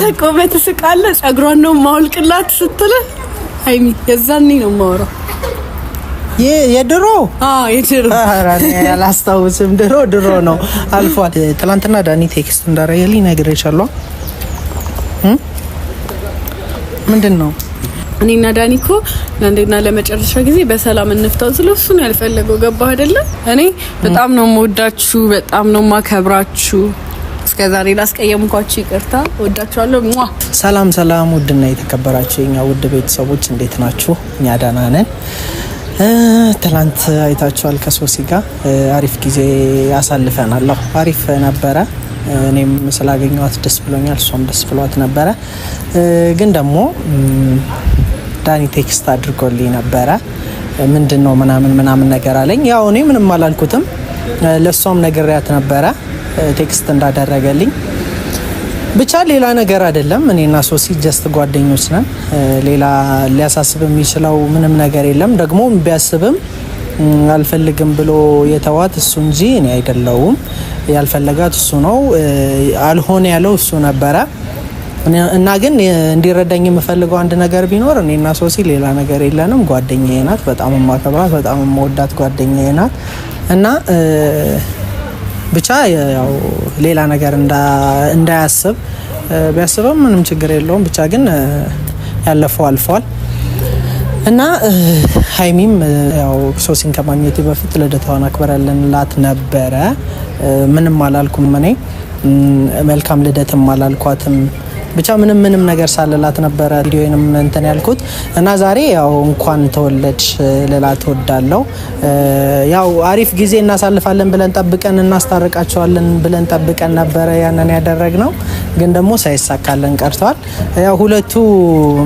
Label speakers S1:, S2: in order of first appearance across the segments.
S1: ተቆመ ትስቃለ። ጸጉሯን ነው ማውልቅላት ስትል ሀይሚ የዛኔ ነው የማወራው። የድሮ የድሮ
S2: አላስታውስም። ድሮ ድሮ ነው አልፏል። ትናንትና ዳኒ ቴክስት እንዳረገልኝ ነግሬሻለሁ። ምንድን ነው
S1: እኔና ዳኒ እኮ ለአንዴና ለመጨረሻ ጊዜ በሰላም እንፍታው ስለ እሱ ነው ያልፈለገው። ገባ አይደለም? እኔ በጣም ነው የምወዳችሁ፣ በጣም ነው የማከብራችሁ ዛሬ ላስቀየምኳችሁ ይቅርታ። ወዳችኋለሁ።
S2: ሰላም ሰላም። ውድና የተከበራችሁ የኛ ውድ ቤተሰቦች እንዴት ናችሁ? እኛ ደህና ነን። ትላንት አይታችኋል። ከሶሲ ጋር አሪፍ ጊዜ አሳልፈናለሁ አሪፍ ነበረ። እኔም ስላገኘዋት ደስ ብሎኛል። እሷም ደስ ብሏት ነበረ። ግን ደግሞ ዳኒ ቴክስት አድርጎልኝ ነበረ። ምንድን ነው ምናምን ምናምን ነገር አለኝ። ያው እኔ ምንም አላልኩትም። ለእሷም ያት ነበረ ቴክስት እንዳደረገልኝ ብቻ ሌላ ነገር አይደለም። እኔና ሶሲ ጀስት ጓደኞች ነን። ሌላ ሊያሳስብ የሚችለው ምንም ነገር የለም። ደግሞ ቢያስብም አልፈልግም ብሎ የተዋት እሱ እንጂ እኔ አይደለውም። ያልፈለጋት እሱ ነው። አልሆነ ያለው እሱ ነበረ። እና ግን እንዲረዳኝ የምፈልገው አንድ ነገር ቢኖር እኔና ሶሲ ሌላ ነገር የለንም። ጓደኛዬ ናት። በጣም የማከብራት በጣም የምወዳት ጓደኛዬ ናት እና ብቻ ያው ሌላ ነገር እንዳያስብ ቢያስበም ምንም ችግር የለውም። ብቻ ግን ያለፈው አልፈዋል እና ሀይሚም ያው ሶሲን ከማግኘቴ በፊት ልደቷን ላት ነበረ። ምንም አላልኩም እኔ መልካም ልደትም አላልኳትም። ብቻ ምንም ምንም ነገር ሳልላት ነበረ ቪዲዮንም እንትን ያልኩት እና ዛሬ ያው እንኳን ተወለድ ልላት እወዳለሁ። ያው አሪፍ ጊዜ እናሳልፋለን ብለን ጠብቀን እናስታርቃቸዋለን ብለን ጠብቀን ነበረ ያንን ነው ግን ደግሞ ሳይሳካለን ቀርተዋል። ያው ሁለቱ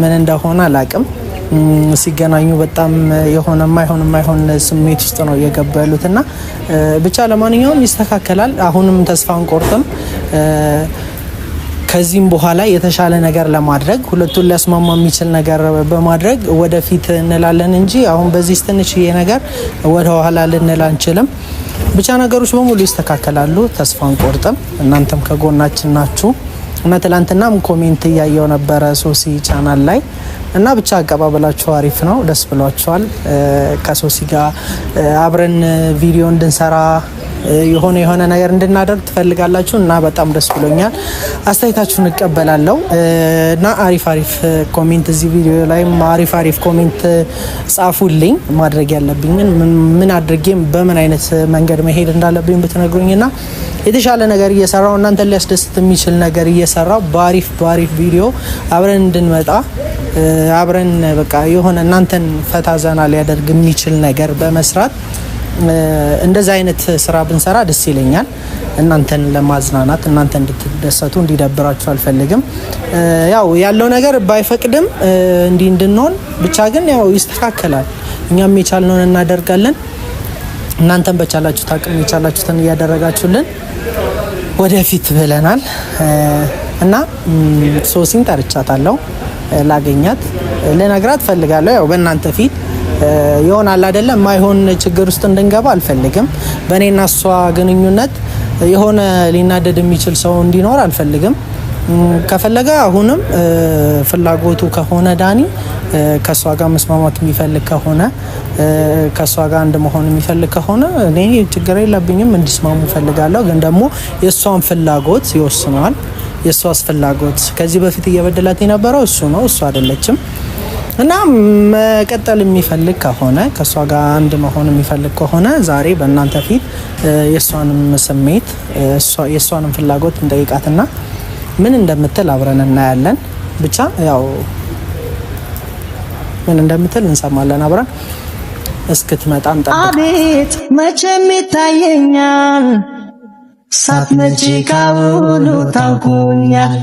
S2: ምን እንደሆነ አላቅም ሲገናኙ በጣም የሆነ ማይሆን ማይሆን ስሜት ውስጥ ነው እየገባ ያሉት እና ብቻ ለማንኛውም ይስተካከላል። አሁንም ተስፋ አንቆርጥም። ከዚህም በኋላ የተሻለ ነገር ለማድረግ ሁለቱን ሊያስማማ የሚችል ነገር በማድረግ ወደፊት እንላለን እንጂ አሁን በዚህ ትንሽዬ ነገር ወደ ኋላ ልንል አንችልም። ብቻ ነገሮች በሙሉ ይስተካከላሉ፣ ተስፋ አንቆርጥም። እናንተም ከጎናችን ናችሁ። እና ትላንትናም ኮሜንት እያየው ነበረ ሶሲ ቻናል ላይ እና ብቻ አቀባበላችሁ አሪፍ ነው፣ ደስ ብሏችኋል። ከሶሲ ጋር አብረን ቪዲዮ እንድንሰራ የሆነ የሆነ ነገር እንድናደርግ ትፈልጋላችሁ እና በጣም ደስ ብሎኛል። አስተያየታችሁን እቀበላለሁ እና አሪፍ አሪፍ ኮሜንት እዚህ ቪዲዮ ላይ አሪፍ አሪፍ ኮሜንት ጻፉልኝ። ማድረግ ያለብኝን ምን አድርጌም በምን አይነት መንገድ መሄድ እንዳለብኝ ብትነግሩኝ ና የተሻለ ነገር እየሰራው እናንተን ሊያስደስት የሚችል ነገር እየሰራው በአሪፍ በአሪፍ ቪዲዮ አብረን እንድንመጣ አብረን በቃ የሆነ እናንተን ፈታ ዘና ሊያደርግ የሚችል ነገር በመስራት እንደዚህ አይነት ስራ ብንሰራ ደስ ይለኛል። እናንተን ለማዝናናት እናንተ እንድትደሰቱ እንዲደብራችሁ አልፈልግም። ያው ያለው ነገር ባይፈቅድም እንዲህ እንድንሆን ብቻ ግን ያው ይስተካከላል። እኛም የቻልነውን እናደርጋለን። እናንተም በቻላችሁት አቅም የቻላችሁትን እያደረጋችሁልን ወደፊት ብለናል እና ሶሲን ጠርቻታለሁ። ላገኛት ልነግራት ፈልጋለሁ። ያው በእናንተ ፊት ይሆናል አይደለም፣ ማይሆን ችግር ውስጥ እንድንገባ አልፈልግም። በእኔና እሷ ግንኙነት የሆነ ሊናደድ የሚችል ሰው እንዲኖር አልፈልግም። ከፈለገ አሁንም ፍላጎቱ ከሆነ ዳኒ ከእሷ ጋር መስማማት የሚፈልግ ከሆነ ከእሷ ጋር አንድ መሆን የሚፈልግ ከሆነ እኔ ችግር የለብኝም፣ እንዲስማሙ እፈልጋለሁ። ግን ደግሞ የእሷን ፍላጎት ይወስነዋል። የእሷስ ፍላጎት ከዚህ በፊት እየበደላት የነበረው እሱ ነው፣ እሱ አይደለችም። እና መቀጠል የሚፈልግ ከሆነ ከእሷ ጋር አንድ መሆን የሚፈልግ ከሆነ ዛሬ በእናንተ ፊት የእሷንም ስሜት የእሷንም ፍላጎት እንጠይቃትና ምን እንደምትል አብረን እናያለን። ብቻ ያው ምን እንደምትል እንሰማለን አብረን እስክትመጣ
S1: ጠብቅ። አቤት መቼም ይታየኛል ሳትመጪ ካሁኑ ታውቁኛል።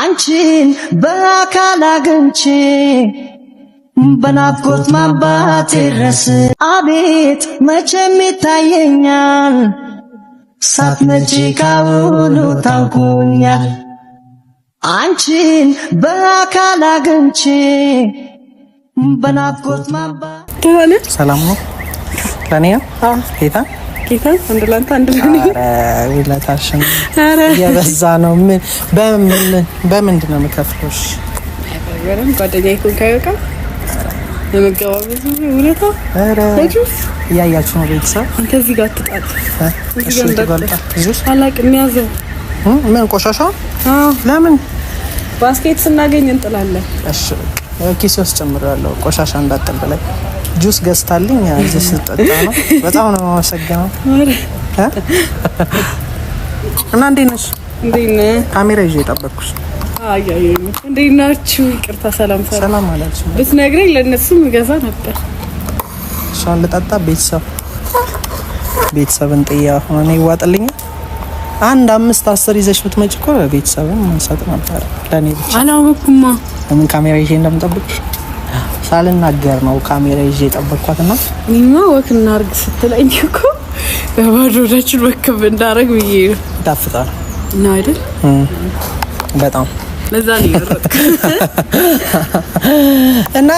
S1: አንቺን በአካል አግኝቼ በናፍቆት ማባት ይረስ አቤት መቼም ይታየኛል ሳትመጪ ካሁኑ ታውቁኛል አንቺን በአካል አግኝቼ በናፍቆት ማባ
S2: ሰላም ነው። ለኔ ጌታ የበዛ ነው። ምን በምን በምንድን ነው የምከፍሎሽ?
S1: ጓደኛዬ እኮ ካይወቃ የመገባበዙ ውለታ
S2: እያያችሁ ነው ቤተሰብ።
S1: ከዚህ ጋር ትጣል
S2: ምን ቆሻሻ ለምን
S1: ባስኬት ስናገኝ እንጥላለን።
S2: እሺ ኪስ ውስጥ ጨምሬያለሁ ቆሻሻ እንዳጥል በላይ ጁስ ገዝታልኝ እዚህ ስጠጣ ነው። በጣም ነው የማመሰግነው። እና እንዴት ነሽ? እንዴት ነህ? ካሜራ ይዤ የጠበቅኩሽ።
S1: አያዩ እንዴት ናችሁ? ይቅርታ ሰላም
S2: ሰላም አላችሁ።
S1: ብትነግረኝ ለእነሱም እገዛ ነበር።
S2: ሻን ልጠጣ ቤተሰብ ቤተሰብን ጥያ ሆነ ይዋጥልኝ። አንድ አምስት አስር ይዘሽ ብትመጪ እኮ ቤተሰብን ሰጥ ነበር ለኔ ብቻ።
S1: አላወኩማ
S2: ለምን ካሜራ ይዤ እንደምጠብቅሽ ሳልናገር ነው ካሜራ ይዤ የጠበቅኳት እና
S1: እኔማ ወክ እናድርግ ስትለኝ እኮ በባዶ ሆዳችን ወክብ እንዳደረግ ብዬ ነው። ይጣፍጣል እና አይደል በጣም
S2: እና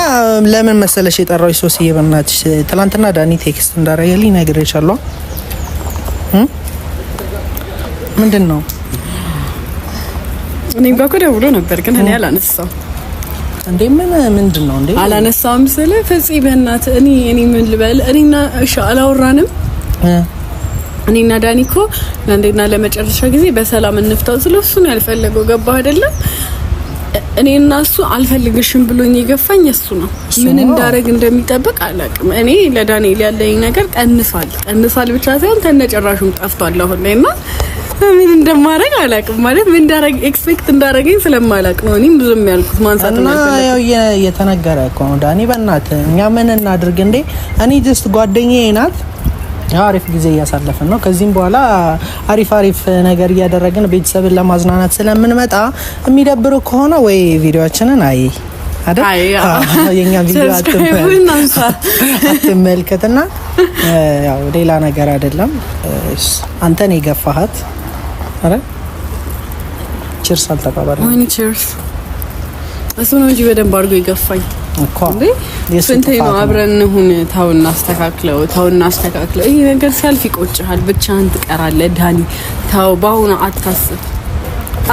S2: ለምን መሰለሽ የጠራሁሽ ሶስዬ፣ በእናትሽ ትላንትና ዳኒ ቴክስት እንዳረገልኝ ነግሬሻለሁ። ምንድን ነው
S1: እኔ ጋር እኮ ደውሎ ነበር፣ ግን እኔ አላነሳው።
S2: እንዴ ምን ምንድን ነው እንዴ?
S1: አላነሳውም ስል ፍጽ፣ በእናትህ እኔ እኔ ምን ልበል እኔና እሺ፣ አላወራንም እኔና ዳኒ እኮ ለአንዴና ለመጨረሻ ጊዜ በሰላም እንፍታው ስለ እሱ ነው ያልፈለገው። ገባ አይደለም? እኔና እሱ አልፈልግሽም ብሎኝ የገፋኝ እሱ ነው። ምን እንዳረግ እንደሚጠብቅ አላቅም። እኔ ለዳንኤል ያለኝ ነገር ቀንሷል። ቀንሷል ብቻ ሳይሆን ተነጨራሹም ጠፍቷል አሁን ላይ እና ምን እንደማረግ አላቅም። ማለት ምን እንዳረግ ኤክስፔክት እንዳረገኝ ስለማላቅ ነው እኔም ብዙም ያልኩት ማንሳት
S2: ነው። ያው እየተነገረ እኮ ነው። ዳኒ በእናትህ እኛ ምን እናድርግ እንዴ? እኔ ጀስት ጓደኛዬ ናት አሪፍ ጊዜ እያሳለፍን ነው። ከዚህም በኋላ አሪፍ አሪፍ ነገር እያደረግን ቤተሰብን ለማዝናናት ስለምንመጣ የሚደብሩ ከሆነ ወይ ቪዲዮችንን አይ የኛ ቪዲዮ አትመልከትና ያው ሌላ ነገር አይደለም። አንተን የገፋሃት አረ ችርስ
S1: እሱ ነው እንጂ በደንብ አድርጎ የገፋኝ ስንቴ ነው አብረን ሁን ታው እናስተካክለው፣ ታው እናስተካክለው። ይሄ ነገር ሲያልፍ ይቆጭሃል፣ ብቻህን ትቀራለህ። ዳኒ ታው በአሁኑ አታስብ።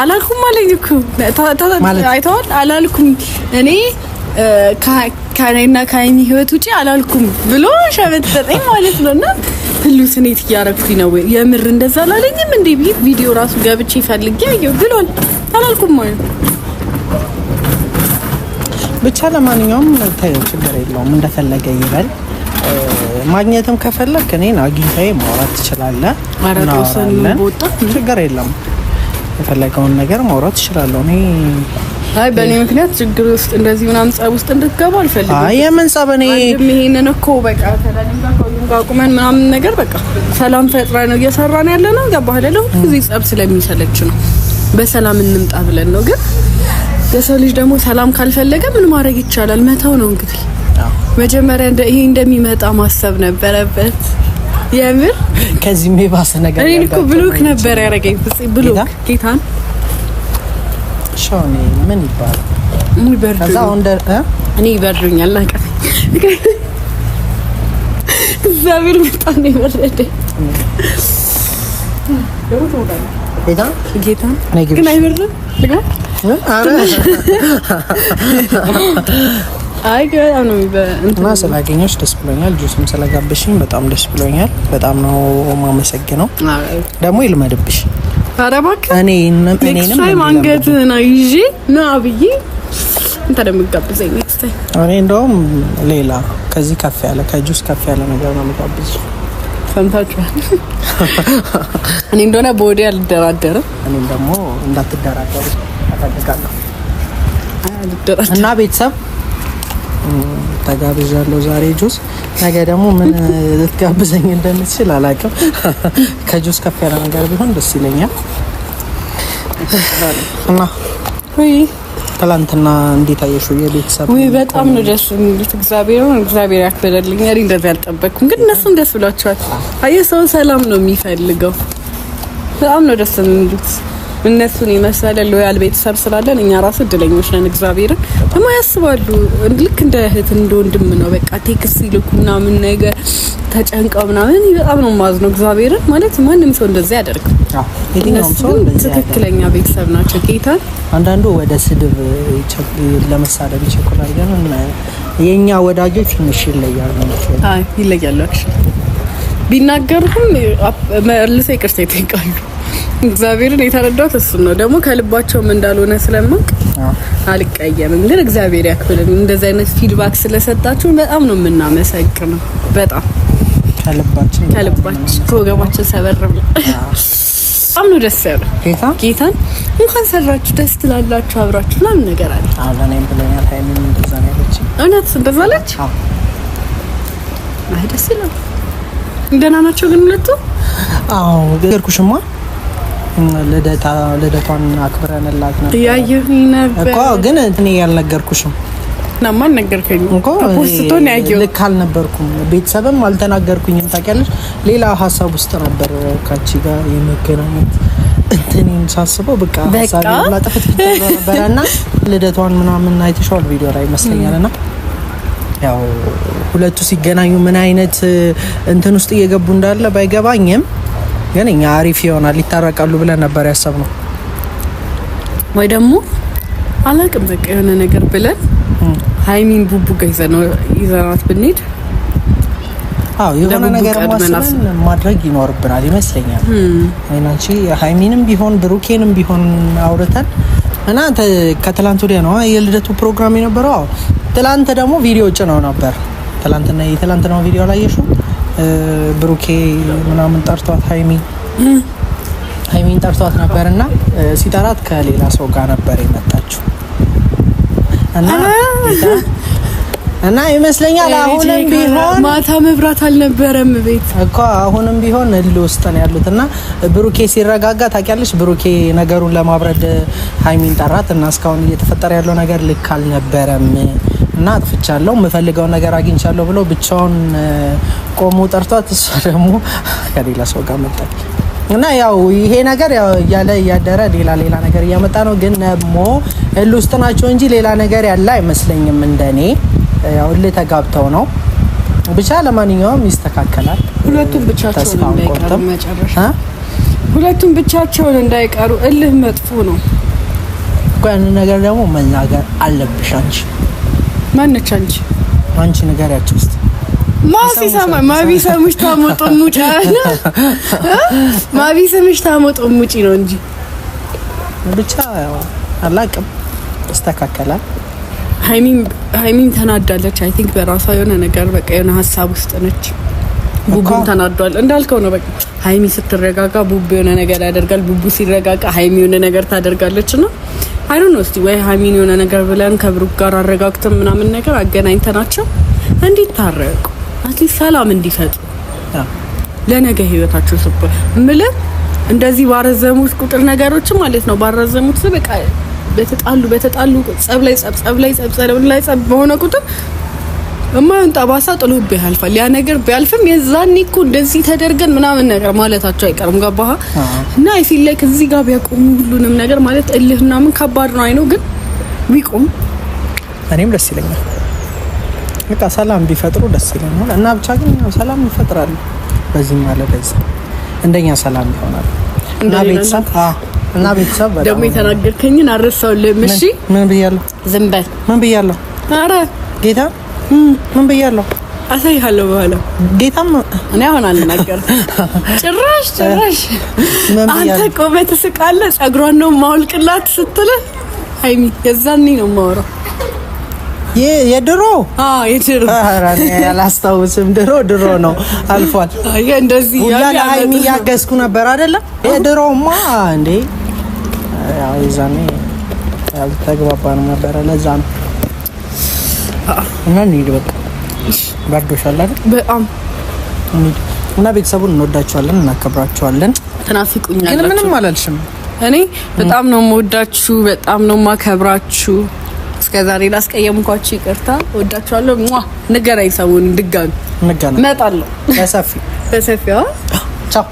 S1: አላልኩም አለኝ እኮ አይተዋል። አላልኩም እኔ ከኔና ከአይኒ ህይወት ውጪ አላልኩም ብሎ ሸበት ሰጠኝ ማለት ነው። እና ፕሉስኔት እያረግኩኝ ነው። የምር እንደዛ አላለኝም እንዴ? ቪዲዮ ራሱ ገብቼ ፈልጌ አየሁ ብሏል። አላልኩም ማለት
S2: ብቻ ለማንኛውም ታየው ችግር የለውም። እንደፈለገ ይበል። ማግኘትም ከፈለክ እኔን አግኝተኸኝ ማውራት ትችላለህ። ችግር የለም። የፈለገውን ነገር ማውራት ትችላለሁ። እኔ
S1: አይ በእኔ ምክንያት ችግር ውስጥ እንደዚህ ምናምን ጸብ ውስጥ እንድትገባ አልፈልግም።
S2: አይ የምን ጸብ እኔ
S1: ይሄንን እኮ በቃ ቁመን ምናምን ነገር በቃ ሰላም ፈጥረ ነው እየሰራን ያለ ነው። ገባህ አይደለ? ሁሉ ጊዜ ጸብ ስለሚሰለች ነው በሰላም እንምጣ ብለን ነው ግን የሰው ልጅ ደግሞ ሰላም ካልፈለገ ምን ማድረግ ይቻላል? መተው ነው እንግዲህ። መጀመሪያ እንደ ይሄ እንደሚመጣ ማሰብ ነበረበት። የምር
S2: ከዚህም የባሰ ነገር
S1: እኔ እኮ ብሎክ ነበር ያደረገኝ ፍፄ፣ ብሎክ ጌታን
S2: ሾኒ ምን
S1: ይባላል? እኔ ይበርዱኛል ናቀፍ እግዚአብሔር መጣ ነው የበረደኝ ጌታ ጌታ ግን አይበርድም።
S2: እና ስላገኘሽ ደስ ብሎኛል። ጁስም ስለጋብሽኝ በጣም ደስ ብሎኛል። በጣም ነው የማመሰግነው። ደግሞ ይልመድብሽ። ኧረ እባክህ እኔ
S1: አንገት ነው ይዤ ነው አብዬ እንትን ደግሞ ይጋብዘኝ።
S2: እኔ እንደውም ሌላ ከዚህ ከፍ ያለ ከጁስ ከፍ ያለ ነገር ነው የሚጋብዘኝ
S1: ሰምታችኋል። እኔ እንደሆነ በወዲ አልደራደርም።
S2: እኔም ደግሞ እንዳትደራደሩ እፈልጋለሁ እና ቤተሰብ ተጋብዣለሁ ዛሬ ጁስ፣ ነገ ደግሞ ምን ልትጋብዘኝ እንደምትችል አላውቅም። ከጁስ ከፍ ያለ ነገር ቢሆን ደስ ይለኛል እና ትላንትና እንዴት አየሽው? የቤተሰብ
S1: ወይ በጣም ነው ደስ የሚሉት። እግዚአብሔርን እግዚአብሔር ያክበደልኝ። እኔ እንደዚህ አልጠበቅኩም፣ ግን እነሱም ደስ ብሏቸዋል። አየህ ሰው ሰላም ነው የሚፈልገው። በጣም ነው ደስ የሚሉት። እነሱን ይመስላል ሎያል ቤተሰብ ስላለን እኛ ራስ እድለኞች ነን። እግዚአብሔርን ደግሞ ያስባሉ። ልክ እንደ እህት እንደ ወንድም ነው። በቃ ቴክስ ይልኩ ምናምን ነገር ተጨንቀው ምናምን በጣም ነው የማዝነው። እግዚአብሔርን ማለት ማንም ሰው እንደዚህ ያደርግ። እነሱ ግን ትክክለኛ ቤተሰብ ናቸው። ጌታን
S2: አንዳንዱ ወደ ስድብ ለመሳደብ ይቸኩላል። ግን የእኛ ወዳጆች ትንሽ ይለያሉ
S1: ይለያሉ ቢናገርም መልሰ ይቅርታ ይጠይቃሉ። እግዚአብሔርን የተረዳሁት እሱን ነው። ደግሞ ከልባቸውም እንዳልሆነ ስለማውቅ አልቀየምም። ግን እግዚአብሔር ያክብልን እንደዚህ አይነት ፊድባክ ስለሰጣችሁ በጣም ነው የምናመሰግነው። በጣም
S2: ከልባችን
S1: ከልባችን ከወገባችን ሰበር ብለን በጣም ነው ደስ ያለው። ጌታ ጌታን እንኳን ሰራችሁ ደስ ትላላችሁ አብራችሁ ምናምን ነገር አለ።
S2: አሁን እኔም ብለኛል። ሀይሚም እንደዛ ነው ያለችኝ።
S1: እውነት እንደዛ አለች። አይ ደስ ይላል። ደህና ናቸው ግን ሁለቱ?
S2: አዎ ገርኩሽማ ልደቷን አክብረንላት ነበር።
S1: እያየሁኝ ነበር
S2: እኮ ግን እኔ ያልነገርኩሽም
S1: ናማ አልነገርከኝም
S2: እኮ ልክ አልነበርኩም። ቤተሰብም አልተናገርኩኝም። ታውቂያለሽ፣ ሌላ ሀሳብ ውስጥ ነበር ካቺ ጋር የመገናኘት እንትኔን ሳስበው በቃ ሀሳብ ነበረ እና ልደቷን ምናምን አይተሸዋል ቪዲዮ ላይ ይመስለኛል እና ያው ሁለቱ ሲገናኙ ምን አይነት እንትን ውስጥ እየገቡ እንዳለ ባይገባኝም ግን እኛ አሪፍ ይሆናል ይታረቃሉ ብለን ነበር ያሰብነው።
S1: ወይ ደግሞ አላቅም በቃ የሆነ ነገር ብለን ሀይሚን ቡቡ ቡቡጋ ይዘናት ብንሄድ
S2: የሆነ ነገር ማስብን ማድረግ ይኖርብናል ይመስለኛል። ይናንቺ ሀይሚንም ቢሆን ብሩኬንም ቢሆን አውርተን እና ከትላንት ወዲያ ነው የልደቱ ፕሮግራም የነበረው። ትላንት ደግሞ ቪዲዮ ጭነው ነበር። ትላንትና የትላንትናው ቪዲዮ ላይ ብሩኬ ምናምን ጠርቷት ሀይሚ ሀይሚን ጠርቷት ነበር እና ሲጠራት ከሌላ ሰው ጋር ነበር የመጣችው እና እና ይመስለኛል አሁንም ቢሆን
S1: ማታ መብራት አልነበረም ቤት
S2: እኮ አሁንም ቢሆን እልህ ውስጥ ነው ያሉት። እና ብሩኬ ሲረጋጋ ታውቂያለሽ፣ ብሩኬ ነገሩን ለማብረድ ሀይሚን ጠራት እና እስካሁን እየተፈጠረ ያለው ነገር ልክ አልነበረም እና አጥፍቻለሁ፣ የምፈልገውን ነገር አግኝቻለሁ ብሎ ብቻውን ቆሞ ጠርቷት፣ እሷ ደግሞ ከሌላ ሰው ጋር መጣች። እና ያው ይሄ ነገር ያው እያለ እያደረ ሌላ ሌላ ነገር እያመጣ ነው። ግን ደግሞ እልህ ውስጥ ናቸው እንጂ ሌላ ነገር ያለ አይመስለኝም እንደኔ ያው እልህ ተጋብተው ነው ብቻ ለማንኛውም ይስተካከላል።
S1: ሁለቱም ብቻቸውን እንዳይቀሩ መጨረሻ ሁለቱም ብቻቸውን እንዳይቀሩ። እልህ መጥፎ ነው።
S2: ያን ነገር ደግሞ መናገር አለብሽ። አንቺ ማነች? አንቺ አንቺ ንገሪያቸው እስኪ
S1: ማቢሰማ ማቢሰምሽ ታሞጦ ሙጪ ነው ማቢሰምሽ ታሞጦ ሙጪ ነው እንጂ
S2: ብቻ አላቅም ይስተካከላል።
S1: ሀይሚም ተናዳለች። አይ ቲንክ በራሷ የሆነ ነገር በቃ የሆነ ሀሳብ ውስጥ ነች። ቡቡም ተናዷል እንዳልከው ነው። በቃ ሀይሚ ስትረጋጋ ቡቡ የሆነ ነገር ያደርጋል፣ ቡቡ ሲረጋጋ ሀይሚ የሆነ ነገር ታደርጋለች። ና አይዶ ነው እስቲ ወይ ሀይሚን የሆነ ነገር ብለን ከብሩክ ጋር አረጋግተን ምናምን ነገር አገናኝተናቸው እንዲታረቁ አትሊስት ሰላም እንዲፈጡ ለነገ ህይወታቸው ስብ ምልህ እንደዚህ ባረዘሙት ቁጥር ነገሮችን ማለት ነው ባረዘሙት በቃ በተጣሉ በተጣሉ ጸብ ላይ ጸብ ጸብ ላይ ጸብ ጸብ ላይ ጸብ በሆነ ቁጥር እማይሆን ጠባሳ ጥሎብህ ያልፋል። ያ ነገር ቢያልፍም የዛኔ እኮ እንደዚህ ተደርገን ምናምን ነገር ማለታቸው አይቀርም። ገባህ? እና አይ ፊል ላይክ እዚህ ጋር ቢያቆሙ ሁሉንም ነገር ማለት እልህና ምን ከባድ ነው። አይነው ግን ቢቆም
S2: እኔም ደስ ይለኛል። በቃ ሰላም ቢፈጥሩ ደስ ይለኛል። እና ብቻ ግን ሰላም ይፈጥራሉ። በዚህ ማለት እንደኛ ሰላም ይሆናል እና ቤተሰብ እና ቤተሰብ
S1: ደግሞ የተናገርከኝን አረሳሁልህም። እሺ ምን ብያለሁ? ዝም በል። ምን ብያለሁ? ኧረ
S2: ጌታ ምን ብያለሁ?
S1: አሳይሃለሁ በኋላ። ጌታም እኔ አሁን አልናገርም። ጭራሽ ጭራሽ አንተ ቆመ ትስቃለህ። ጸጉሯን ነው ማውልቅላት ስትልህ ሀይሚ የዛኔ ነው የማወራው የድሮ የድሮ
S2: አላስታውስም። ድሮ ድሮ ነው አልፏል። እንደዚህ ሁላ ለሀይሚ እያገዝኩ ነበር አይደለም። የድሮማ እንዴ የዛኔ ያልተግባባን ነበረ። ለዛ ነው እና እንሂድ በቃ በርዶሻል በጣም እና ቤተሰቡን እንወዳቸዋለን፣ እናከብራቸዋለን።
S1: ተናፍቁኛል።
S2: ግን ምንም አላልሽም።
S1: እኔ በጣም ነው የምወዳችሁ፣ በጣም ነው የማከብራችሁ። እስከዛሬ ላስቀየምኳችሁ ይቅርታ። ወዳችኋለሁ። ሟ ንገራኝ። ሰውን ድጋሚ እንመጣለሁ በሰፊ በሰፊ
S2: ቻው